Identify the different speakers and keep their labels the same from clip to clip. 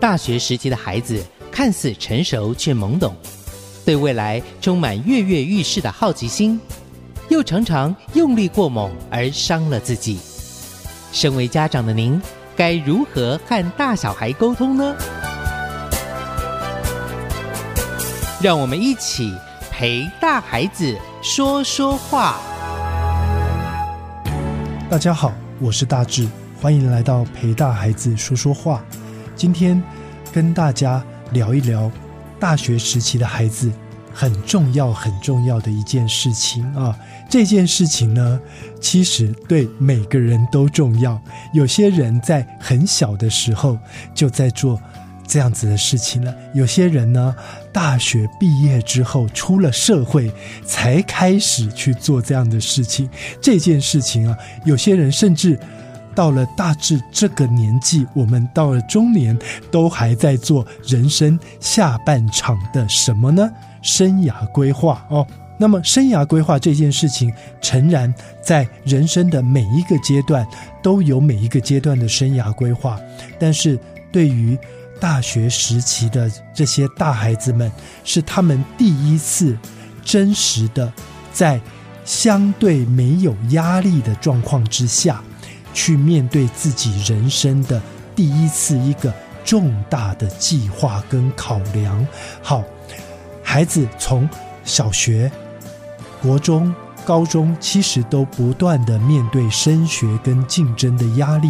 Speaker 1: 大學時期的孩子看似成熟卻懵懂，對未來充滿躍躍欲試的好奇心，又常常用力過猛而傷了自己。身為家長的您，該如何和大小孩溝通呢？讓我們一起陪大孩子說說話。大家好，我是大志，歡迎來到陪大孩子說說話。今天跟大家聊一聊大學時期的孩子很重要、很重要的一件事情啊！這件事情呢，其實對每個人都重要。有些人在很小的時候就在做這樣子的事情了；有些人呢，大學畢業之後出了社會才開始去做這樣的事情。這件事情啊，有些人甚至，到了大致這個年紀，我們到了中年，都還在做人生下半場的什麼呢？生涯規劃哦。那麼，生涯規劃這件事情，誠然在人生的每一個階段都有每一個階段的生涯規劃，但是對於大學時期的這些大孩子們，是他們第一次真實的在相對沒有壓力的狀況之下。去面對自己人生的第一次一個重大的計劃跟考量。好，孩子從小學、國中、高中，其實都不斷的面對升學跟競爭的壓力，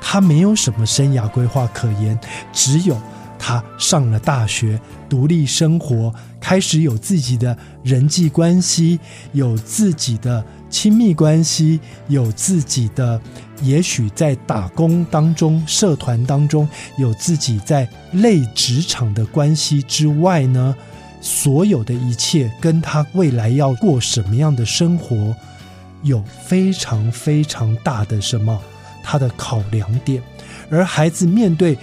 Speaker 1: 他沒有什麼生涯規劃可言，只有他上了大學，獨立生活，開始有自己的人際關係，有自己的。親密關係有自己的，也許在打工當中、社團當中有自己在類職場的關係之外呢，所有的一切跟他未來要過什麼樣的生活，有非常非常大的什麼，他的考量點。而孩子面對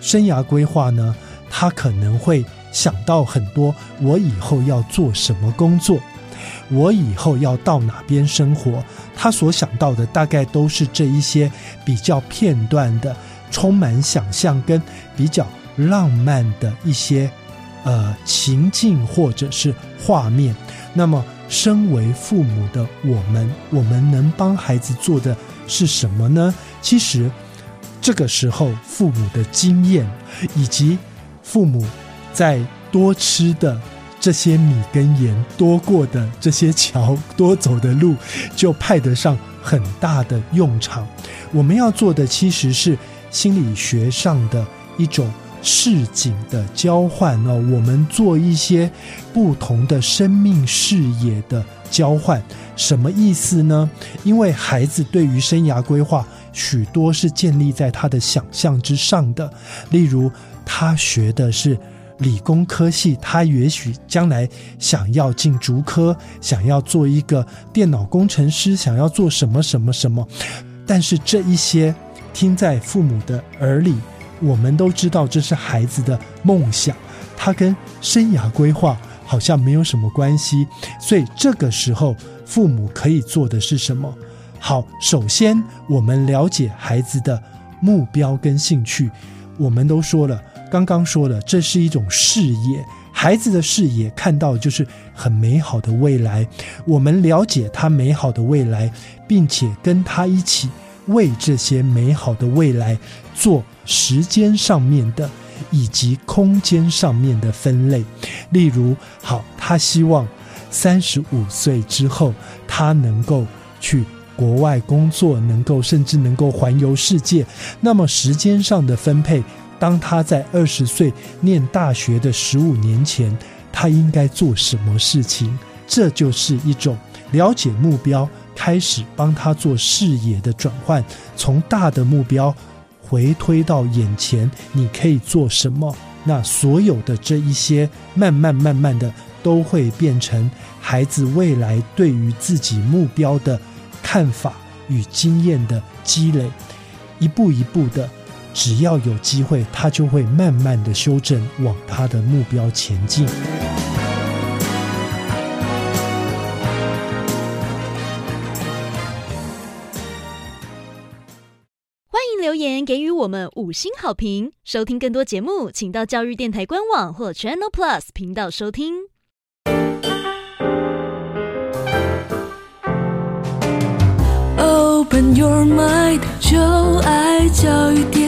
Speaker 1: 生涯規劃呢，他可能會想到很多，我以後要做什麼工作。我以後要到哪邊生活？他所想到的大概都是這一些比較片段的，充滿想象跟比較浪漫的一些呃情境，或者是畫面。那麼，身為父母的我們，我們能幫孩子做的是什麼呢？其實，這個時候父母的經驗以及父母在多吃的。這些米跟鹽多過的這些橋，多走的路，就派得上很大的用場。我們要做的其實是心理學上的一種市井的交換哦。我們做一些不同的生命視野的交換，什麼意思呢？因為孩子對於生涯規劃，許多是建立在他的想象之上的。例如，他學的是，理工科系，他也許將來想要進竹科，想要做一個電腦工程師，想要做什麼什麼什麼。但是這一些聽在父母的耳裡，我們都知道這是孩子的夢想，他跟生涯規劃好像沒有什麼關係。所以這個時候，父母可以做的是什麼？好，首先我們了解孩子的目標跟興趣。我們都說了。剛剛說了，這是一種視野，孩子的視野看到就是很美好的未來。我們了解他美好的未來，並且跟他一起為這些美好的未來做時間上面的以及空間上面的分類。例如，好，他希望三十五歲之後，他能夠去國外工作，能夠甚至能夠環遊世界。那麼，時間上的分配。當他在二十歲念大學的十五年前，他應該做什麼事情？這就是一種了解目標，開始幫他做視野的轉換，從大的目標回推到眼前，你可以做什麼？那所有的這一些，慢慢慢慢的，都會變成孩子未來對於自己目標的看法與經驗的積累，一步一步的。只要有機會，他就會慢慢的修正，往他的目標前進。歡迎留言給予我們五星好評，收聽更多節目，請到教育電台官網或 Channel Plus 頻道收聽。Open your mind，就愛教育電臺。